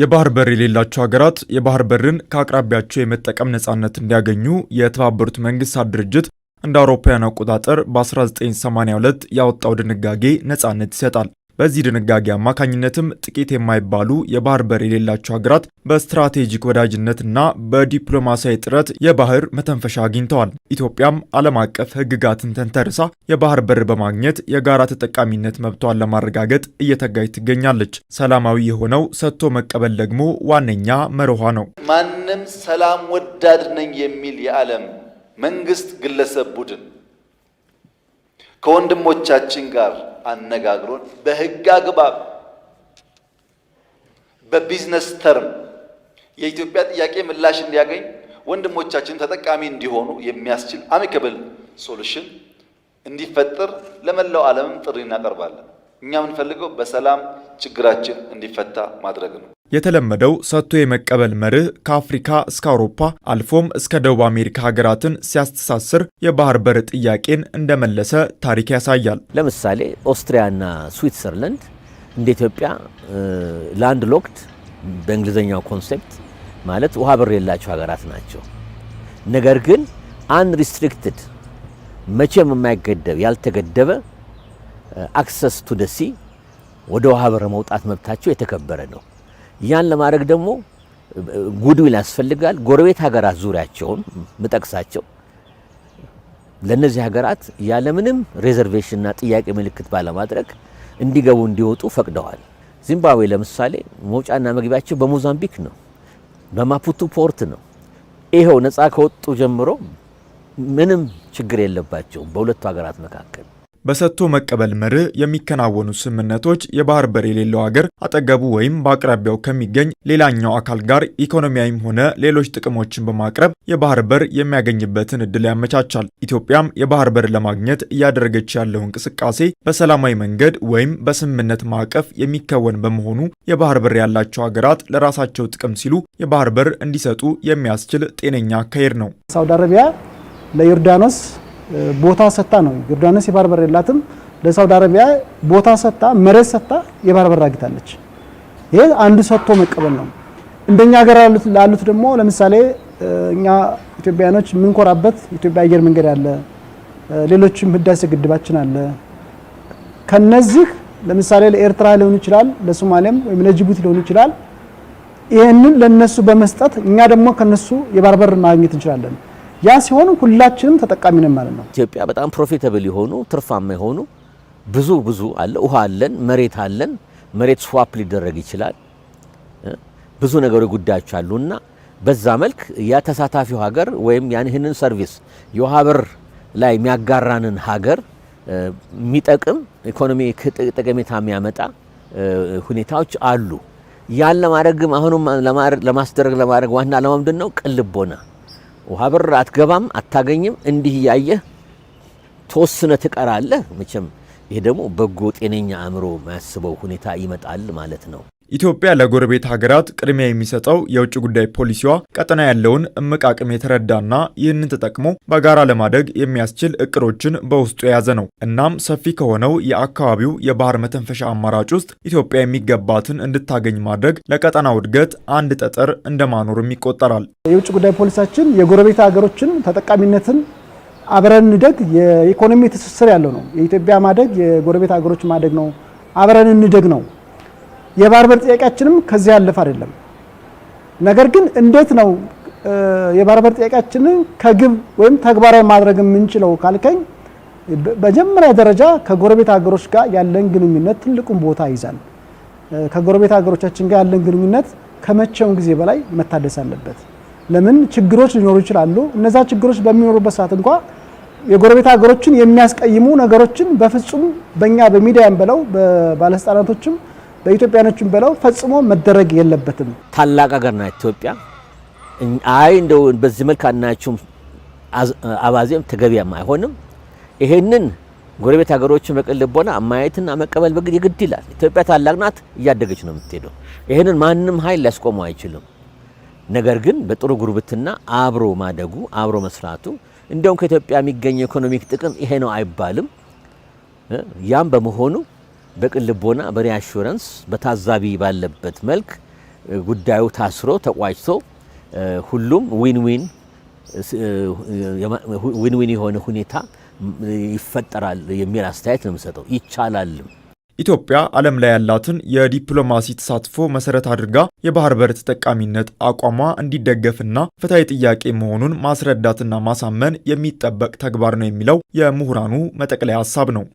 የባህር በር የሌላቸው ሀገራት የባህር በርን ከአቅራቢያቸው የመጠቀም ነፃነት እንዲያገኙ የተባበሩት መንግስታት ድርጅት እንደ አውሮፓውያን አቆጣጠር በ1982 ያወጣው ድንጋጌ ነፃነት ይሰጣል። በዚህ ድንጋጌ አማካኝነትም ጥቂት የማይባሉ የባህር በር የሌላቸው ሀገራት በስትራቴጂክ ወዳጅነትና በዲፕሎማሲያዊ ጥረት የባህር መተንፈሻ አግኝተዋል። ኢትዮጵያም ዓለም አቀፍ ሕግጋትን ተንተርሳ የባህር በር በማግኘት የጋራ ተጠቃሚነት መብቷን ለማረጋገጥ እየተጋጅ ትገኛለች። ሰላማዊ የሆነው ሰጥቶ መቀበል ደግሞ ዋነኛ መርኋ ነው። ማንም ሰላም ወዳድ ነኝ የሚል የዓለም መንግስት፣ ግለሰብ፣ ቡድን ከወንድሞቻችን ጋር አነጋግሮን በህግ አግባብ በቢዝነስ ተርም የኢትዮጵያ ጥያቄ ምላሽ እንዲያገኝ ወንድሞቻችን ተጠቃሚ እንዲሆኑ የሚያስችል አሚከብል ሶሉሽን እንዲፈጠር ለመላው ዓለምም ጥሪ እናቀርባለን። እኛ የምንፈልገው በሰላም ችግራችን እንዲፈታ ማድረግ ነው። የተለመደው ሰጥቶ የመቀበል መርህ ከአፍሪካ እስከ አውሮፓ አልፎም እስከ ደቡብ አሜሪካ ሀገራትን ሲያስተሳስር የባህር በር ጥያቄን እንደመለሰ ታሪክ ያሳያል። ለምሳሌ ኦስትሪያና ስዊትዘርላንድ እንደ ኢትዮጵያ ላንድ ሎክድ በእንግሊዝኛው ኮንሴፕት ማለት ውሃ በር የላቸው ሀገራት ናቸው። ነገር ግን አንሪስትሪክትድ መቼም የማይገደብ ያልተገደበ አክሰስ ቱ ደሲ ወደ ውሃ በር መውጣት መብታቸው የተከበረ ነው። ያን ለማድረግ ደግሞ ጉድዊል ያስፈልጋል። ጎረቤት ሀገራት ዙሪያቸውን ምጠቅሳቸው ለእነዚህ ሀገራት ያለምንም ሬዘርቬሽንና ጥያቄ ምልክት ባለማድረግ እንዲገቡ እንዲወጡ ፈቅደዋል። ዚምባብዌ ለምሳሌ መውጫና መግቢያቸው በሞዛምቢክ ነው፣ በማፑቱ ፖርት ነው። ይኸው ነፃ ከወጡ ጀምሮ ምንም ችግር የለባቸውም በሁለቱ ሀገራት መካከል በሰጥቶ መቀበል መርህ የሚከናወኑ ስምምነቶች የባህር በር የሌለው ሀገር አጠገቡ ወይም በአቅራቢያው ከሚገኝ ሌላኛው አካል ጋር ኢኮኖሚያዊም ሆነ ሌሎች ጥቅሞችን በማቅረብ የባህር በር የሚያገኝበትን እድል ያመቻቻል። ኢትዮጵያም የባህር በር ለማግኘት እያደረገች ያለው እንቅስቃሴ በሰላማዊ መንገድ ወይም በስምምነት ማዕቀፍ የሚከወን በመሆኑ የባህር በር ያላቸው ሀገራት ለራሳቸው ጥቅም ሲሉ የባህር በር እንዲሰጡ የሚያስችል ጤነኛ አካሄድ ነው። ሳውዲ አረቢያ ለዮርዳኖስ ቦታ ሰጣ ነው። ዮርዳኖስ የባህር በር የላትም። ለሳውዲ አረቢያ ቦታ ሰጣ፣ መሬት ሰጣ፣ የባህር በር አግኝታለች። ይሄ አንዱ ሰጥቶ መቀበል ነው። እንደኛ ሀገር ላሉት ደግሞ ለምሳሌ እኛ ኢትዮጵያኖች የምንኮራበት የኢትዮጵያ አየር መንገድ አለ፣ ሌሎችም ህዳሴ ግድባችን አለ። ከነዚህ ለምሳሌ ለኤርትራ ሊሆን ይችላል፣ ለሶማሊያም ወይም ለጅቡቲ ሊሆን ይችላል። ይህንን ለነሱ በመስጠት እኛ ደግሞ ከነሱ የባህር በር ማግኘት እንችላለን። ያ ሲሆን ሁላችንም ተጠቃሚ ነን ማለት ነው። ኢትዮጵያ በጣም ፕሮፊታብል የሆኑ ትርፋማ የሆኑ ብዙ ብዙ አለ። ውሃ አለን፣ መሬት አለን። መሬት ስዋፕ ሊደረግ ይችላል። ብዙ ነገሮች ጉዳዮች አሉና በዛ መልክ ያ ተሳታፊው ሀገር ወይም ያን ሰርቪስ የውሃ በር ላይ የሚያጋራንን ሀገር የሚጠቅም ኢኮኖሚ ጠቀሜታ የሚያመጣ ሁኔታዎች አሉ። ያን ለማድረግም አሁኑም ለማስደረግ ለማድረግ ዋና ለማምድን ነው? ቅልቦና ውሃ ብር አትገባም፣ አታገኝም። እንዲህ እያየህ ተወስነ ትቀራለህ። መቼም ይሄ ደግሞ በጎ ጤነኛ አእምሮ ማያስበው ሁኔታ ይመጣል ማለት ነው። ኢትዮጵያ ለጎረቤት ሀገራት ቅድሚያ የሚሰጠው የውጭ ጉዳይ ፖሊሲዋ ቀጠና ያለውን እምቅ አቅም የተረዳና ይህንን ተጠቅሞ በጋራ ለማደግ የሚያስችል እቅዶችን በውስጡ የያዘ ነው። እናም ሰፊ ከሆነው የአካባቢው የባህር መተንፈሻ አማራጭ ውስጥ ኢትዮጵያ የሚገባትን እንድታገኝ ማድረግ ለቀጠናው እድገት አንድ ጠጠር እንደማኖርም ይቆጠራል። የውጭ ጉዳይ ፖሊሲያችን የጎረቤት ሀገሮችን ተጠቃሚነትን አብረን እንደግ የኢኮኖሚ ትስስር ያለው ነው። የኢትዮጵያ ማደግ የጎረቤት ሀገሮች ማደግ ነው። አብረን እንደግ ነው። የባህር በር ጥያቄያችንም ከዚህ ያለፈ አይደለም። ነገር ግን እንዴት ነው የባህር በር ጥያቄያችንን ከግብ ወይም ተግባራዊ ማድረግ የምንችለው ካልከኝ መጀመሪያ ደረጃ ከጎረቤት ሀገሮች ጋር ያለን ግንኙነት ትልቁን ቦታ ይዛል። ከጎረቤት ሀገሮቻችን ጋር ያለን ግንኙነት ከመቼውም ጊዜ በላይ መታደስ አለበት። ለምን ችግሮች ሊኖሩ ይችላሉ። እነዛ ችግሮች በሚኖሩበት ሰዓት እንኳ የጎረቤት ሀገሮችን የሚያስቀይሙ ነገሮችን በፍጹም በእኛ በሚዲያም ብለው በባለስልጣናቶችም በኢትዮጵያኖችን በላው ፈጽሞ መደረግ የለበትም። ታላቅ ሀገር ናት ኢትዮጵያ። አይ እንደው በዚህ መልክ አናችሁም፣ አባዜም ተገቢያም አይሆንም። ይሄንን ጎረቤት ሀገሮችን በቅን ልቦና ማየትና መቀበል በግድ የግድ ይላል። ኢትዮጵያ ታላቅ ናት፣ እያደገች ነው የምትሄደው። ይሄንን ማንም ኃይል ሊያስቆመው አይችልም። ነገር ግን በጥሩ ጉርብትና አብሮ ማደጉ አብሮ መስራቱ እንዲሁም ከኢትዮጵያ የሚገኘ ኢኮኖሚክ ጥቅም ይሄ ነው አይባልም። ያም በመሆኑ በቅን ልቦና በሪአሹረንስ በታዛቢ ባለበት መልክ ጉዳዩ ታስሮ ተቋጭቶ ሁሉም ዊን ዊን ዊን ዊን የሆነ ሁኔታ ይፈጠራል የሚል አስተያየት ነው የምሰጠው። ይቻላልም። ኢትዮጵያ ዓለም ላይ ያላትን የዲፕሎማሲ ተሳትፎ መሰረት አድርጋ የባህር በር ተጠቃሚነት አቋሟ እንዲደገፍና ፍትሐዊ ጥያቄ መሆኑን ማስረዳትና ማሳመን የሚጠበቅ ተግባር ነው የሚለው የምሁራኑ መጠቅለያ ሀሳብ ነው።